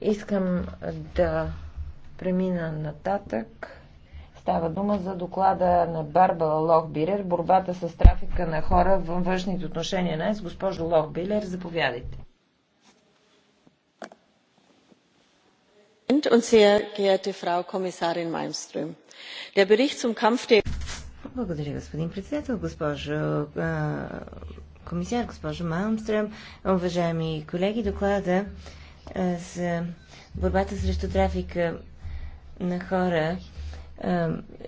Искам да премина нататък. Става дума за доклада на Барбара Лохбилер «Борбата с трафика на хора във външните отношения на ЕС». Госпожо Лохбилер, заповядайте. Благодаря, господин председател, госпожо комисар, госпожо Малмстрем, уважаеми колеги, доклада за борбата срещу трафика на хора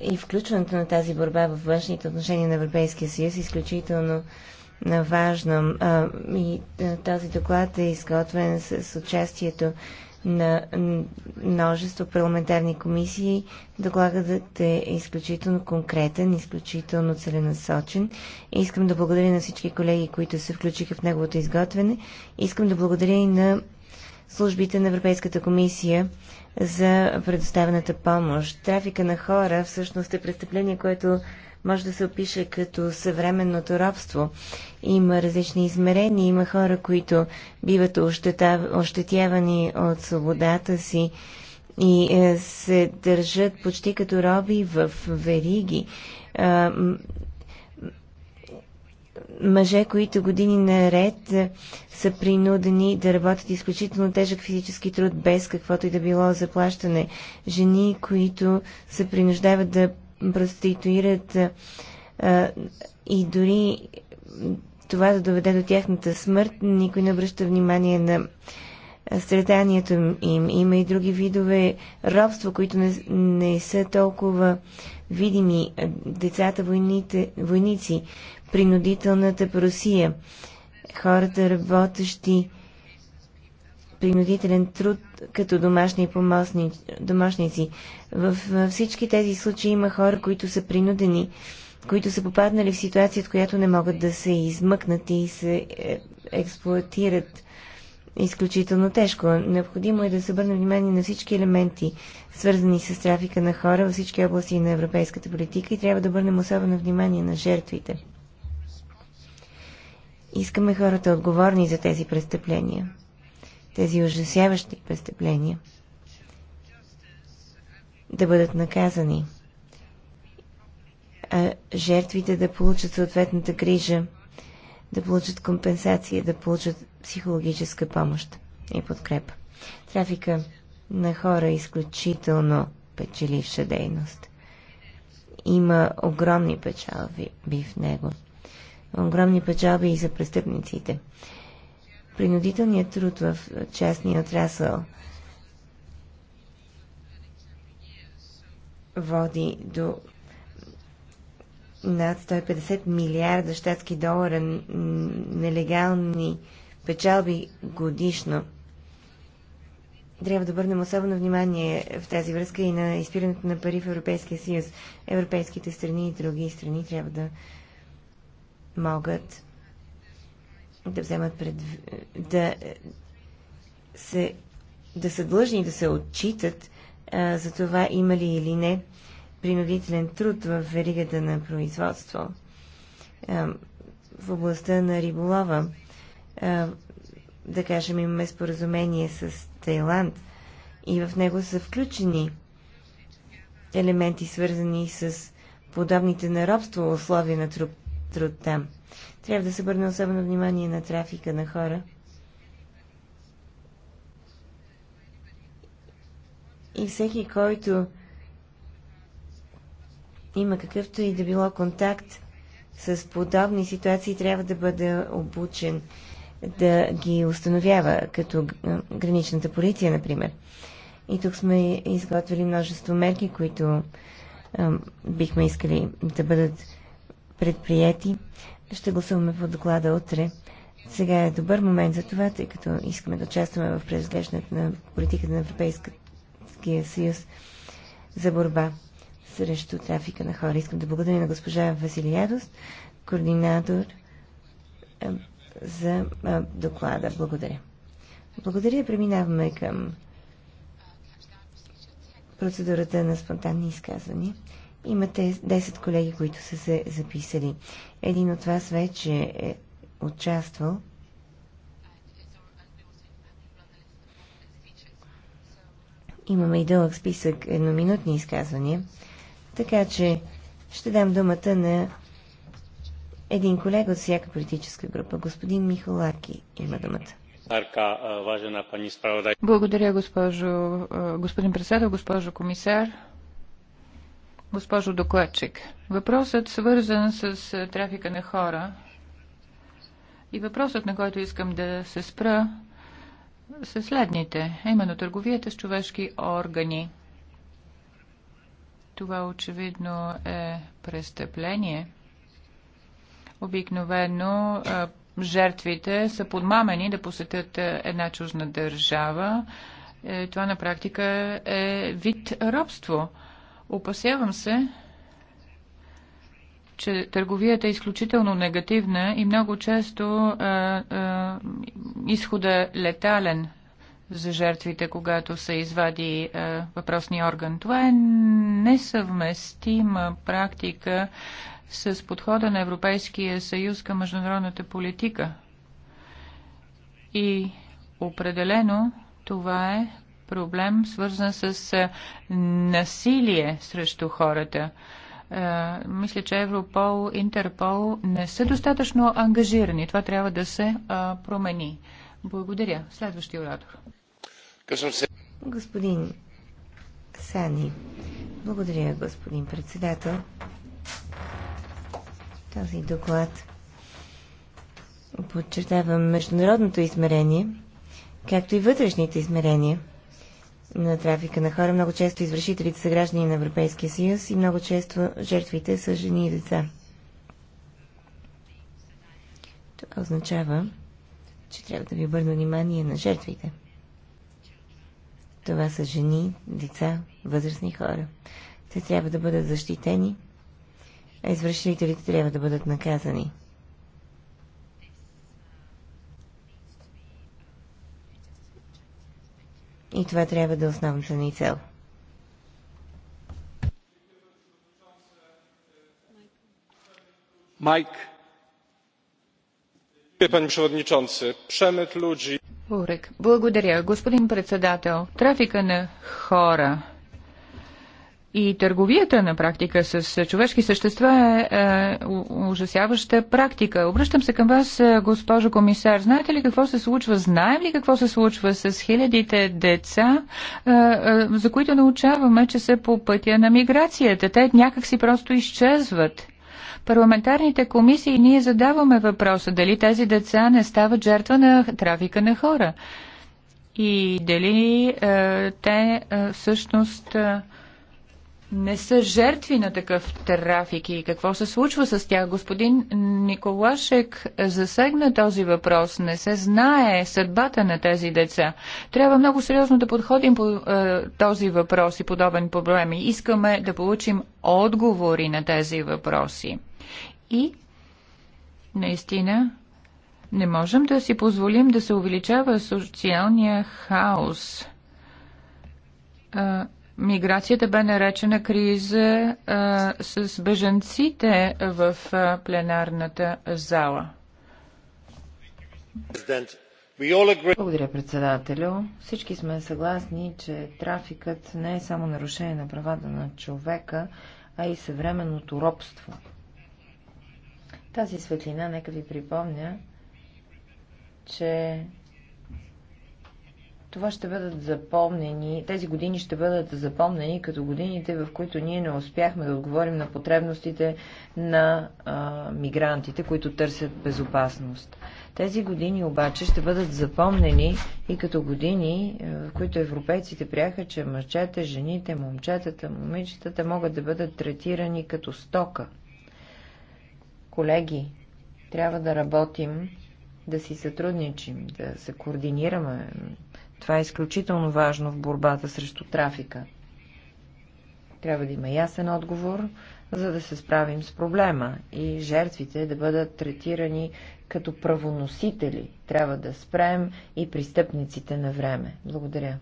и включването на тази борба във външните отношения на Европейския съюз е изключително важно. И този доклад е изготвен с участието на множество парламентарни комисии. Докладът е изключително конкретен, изключително целенасочен. Искам да благодаря на всички колеги, които се включиха в неговото изготвяне. Искам да благодаря и на службите на Европейската комисия за предоставената помощ. Трафика на хора всъщност е престъпление, което може да се опише като съвременното робство. Има различни измерения, има хора, които биват ощетявани от свободата си и е, се държат почти като роби в вериги мъже, които години наред е, са принудени да работят изключително тежък физически труд без каквото и да било заплащане. Жени, които се принуждават да проституират а, е, е, и дори това да доведе до тяхната смърт, никой не обръща внимание на страданието им. Има и други видове робства, които не, не са толкова видими. Децата войните, войници принудителната просия. Хората, работещи принудителен труд като домашни помощни, домашници. В всички тези случаи има хора, които са принудени, които са попаднали в ситуация, от която не могат да се измъкнат и се е, експлуатират изключително тежко. Необходимо е да се обърне внимание на всички елементи, свързани с трафика на хора във всички области на европейската политика и трябва да обърнем особено внимание на жертвите. Искаме хората отговорни за тези престъпления, тези ужасяващи престъпления, да бъдат наказани, а жертвите да получат съответната грижа, да получат компенсация, да получат психологическа помощ и подкрепа. Трафика на хора е изключително печеливша дейност. Има огромни печалби в него – огромни печалби и за престъпниците. Принудителният труд в частния отрасъл води до над 150 милиарда щатски долара нелегални печалби годишно. Трябва да обърнем особено внимание в тази връзка и на изпирането на пари в Европейския съюз. Европейските страни и други страни трябва да могат да вземат пред... да се да са длъжни да се отчитат а, за това има ли или не принудителен труд в веригата на производство а, в областта на риболова. А, да кажем, имаме споразумение с Тайланд и в него са включени елементи, свързани с подобните на робство условия на труд труд там. Трябва да се обърне особено внимание на трафика на хора. И всеки, който има какъвто и да било контакт с подобни ситуации, трябва да бъде обучен да ги установява, като граничната полиция, например. И тук сме изготвили множество мерки, които бихме искали да бъдат предприяти. Ще гласуваме по доклада утре. Сега е добър момент за това, тъй като искаме да участваме в преразглеждането на политиката на Европейския съюз за борба срещу трафика на хора. Искам да благодаря на госпожа Василиядост, координатор за доклада. Благодаря. Благодаря. Преминаваме към процедурата на спонтанни изказвания. Имате 10 колеги, които са се записали. Един от вас вече е участвал. Имаме и дълъг списък едноминутни изказвания, така че ще дам думата на един колега от всяка политическа група. Господин Михолаки има думата. Благодаря, госпожо, господин председател, госпожо комисар. Госпожо докладчик, въпросът свързан с е, трафика на хора и въпросът, на който искам да се спра, са следните, а именно търговията с човешки органи. Това очевидно е престъпление. Обикновено е, жертвите са подмамени да посетят е, една чужна държава. Това на практика е вид робство. Опасявам се, че търговията е изключително негативна и много често а, а, изхода е летален за жертвите, когато се извади а, въпросния орган. Това е несъвместима практика с подхода на Европейския съюз към международната политика. И определено това е проблем, свързан с насилие срещу хората. Мисля, че Европол, Интерпол не са достатъчно ангажирани. Това трябва да се промени. Благодаря. Следващия оратор. Господин Сани, благодаря, господин председател. Този доклад подчертава международното измерение, както и вътрешните измерения – на трафика на хора. Много често извършителите са граждани на Европейския съюз и много често жертвите са жени и деца. Това означава, че трябва да ви обърна внимание на жертвите. Това са жени, деца, възрастни хора. Те трябва да бъдат защитени, а извършителите трябва да бъдат наказани. И това трябва да е основната ни цел. Майк. Благодаря, господин председател. Трафика на хора и търговията на практика с човешки същества е, е ужасяваща практика. Обръщам се към вас, е, госпожо комисар. Знаете ли какво се случва? Знаем ли какво се случва с хилядите деца, е, е, за които научаваме, че са по пътя на миграцията? Те някак си просто изчезват парламентарните комисии ние задаваме въпроса дали тези деца не стават жертва на трафика на хора и дали е, те е, всъщност е, не са жертви на такъв трафик и какво се случва с тях. Господин Николашек засегна този въпрос. Не се знае съдбата на тези деца. Трябва много сериозно да подходим по е, този въпрос и подобен проблем. И искаме да получим отговори на тези въпроси. И наистина не можем да си позволим да се увеличава социалния хаос. Е, Миграцията бе наречена криза а, с бежанците в а, пленарната зала. Благодаря, председателю. Всички сме съгласни, че трафикът не е само нарушение на правата на човека, а и съвременното робство. Тази светлина, нека ви припомня, че това ще бъдат запомнени, тези години ще бъдат запомнени като годините, в които ние не успяхме да отговорим на потребностите на а, мигрантите, които търсят безопасност. Тези години обаче ще бъдат запомнени и като години, в които европейците прияха, че мъжете, жените, момчетата, момичетата могат да бъдат третирани като стока. Колеги, трябва да работим, да си сътрудничим, да се координираме, това е изключително важно в борбата срещу трафика. Трябва да има ясен отговор, за да се справим с проблема и жертвите да бъдат третирани като правоносители. Трябва да спрем и пристъпниците на време. Благодаря.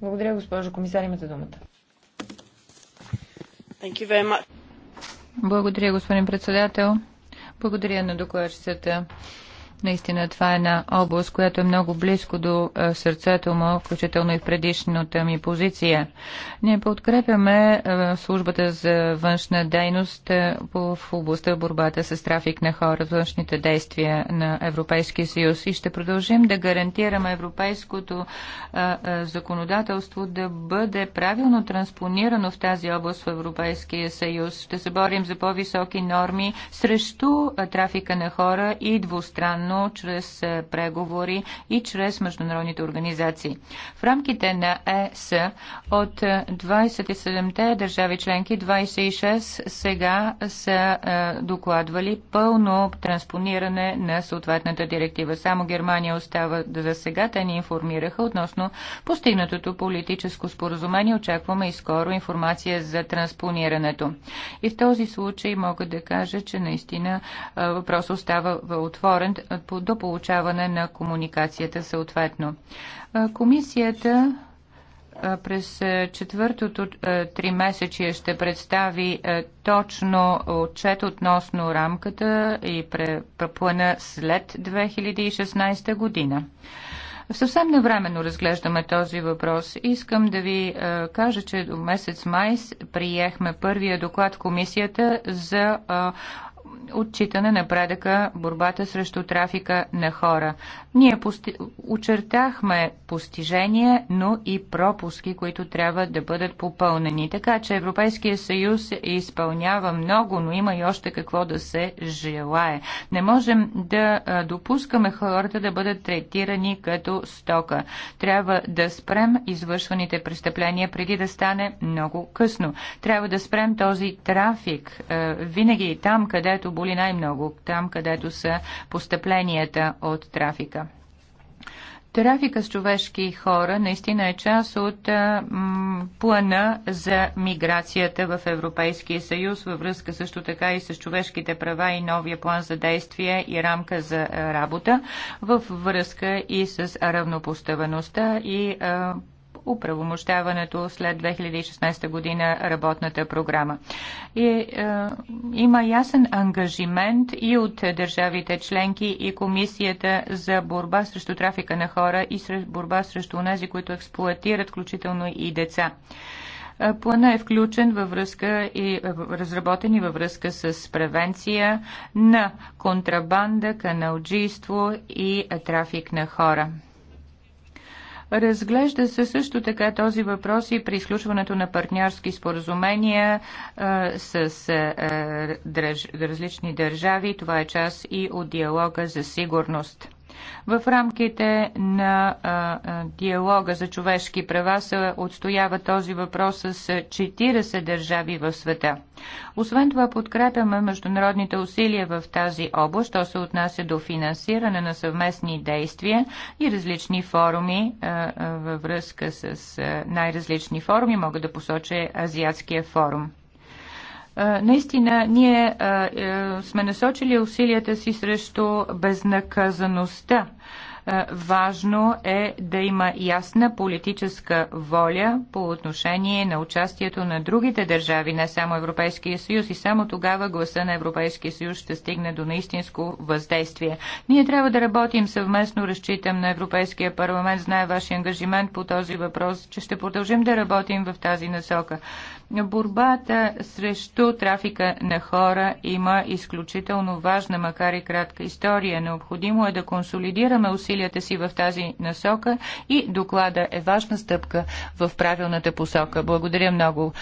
Благодаря, госпожо комисар. Имате думата. Благодаря, господин председател. Благодаря на докладчицата Наистина това е една област, която е много близко до е, сърцето му, включително и в предишната ми позиция. Ние подкрепяме е, службата за външна дейност е, в областта борбата с трафик на хора, външните действия на Европейския съюз и ще продължим да гарантираме европейското законодателство да бъде правилно транспонирано в тази област в Европейския съюз. Ще се борим за по-високи норми срещу трафика на хора и двустранно включително чрез е, преговори и чрез международните организации. В рамките на ЕС от 27-те е, държави членки 26 сега са е, докладвали пълно транспониране на съответната директива. Само Германия остава за сега. Те ни информираха относно постигнатото политическо споразумение. Очакваме и скоро информация за транспонирането. И в този случай мога да кажа, че наистина въпрос остава отворен до получаване на комуникацията съответно. Комисията през четвъртото три месечие ще представи точно отчет относно рамката и плана след 2016 година. Съвсем навременно разглеждаме този въпрос. Искам да ви е, кажа, че до месец май приехме първия доклад в комисията за е, отчитане на предъка борбата срещу трафика на хора. Ние пости... очертахме постижения, но и пропуски, които трябва да бъдат попълнени. Така че Европейския съюз изпълнява много, но има и още какво да се желае. Не можем да допускаме хората да бъдат третирани като стока. Трябва да спрем извършваните престъпления преди да стане много късно. Трябва да спрем този трафик винаги и там, където което боли най-много, там където са постъпленията от трафика. Трафика с човешки хора наистина е част от м, плана за миграцията в Европейския съюз, във връзка също така и с човешките права и новия план за действие и рамка за работа, във връзка и с равнопоставеността и а, управомощаването след 2016 година работната програма. И, е, има ясен ангажимент и от държавите членки и комисията за борба срещу трафика на хора и борба срещу тези, които експлуатират, включително и деца. Е, плана е включен във връзка и е, разработен и във връзка с превенция на контрабанда, каналджийство и трафик на хора. Разглежда се също така този въпрос и при изключването на партньорски споразумения с различни държави. Това е част и от диалога за сигурност. В рамките на а, а, диалога за човешки права се отстоява този въпрос с 40 държави в света. Освен това подкрепяме международните усилия в тази област, що се отнася до финансиране на съвместни действия и различни форуми а, във връзка с най-различни форуми. Мога да посоча Азиатския форум наистина ние е, сме насочили усилията си срещу безнаказаността. Е, важно е да има ясна политическа воля по отношение на участието на другите държави, не само Европейския съюз и само тогава гласа на Европейския съюз ще стигне до наистинско въздействие. Ние трябва да работим съвместно, разчитам на Европейския парламент, знае вашия ангажимент по този въпрос, че ще продължим да работим в тази насока. Борбата срещу трафика на хора има изключително важна, макар и кратка история. Необходимо е да консолидираме усилията усилията си в тази насока и доклада е важна стъпка в правилната посока. Благодаря много.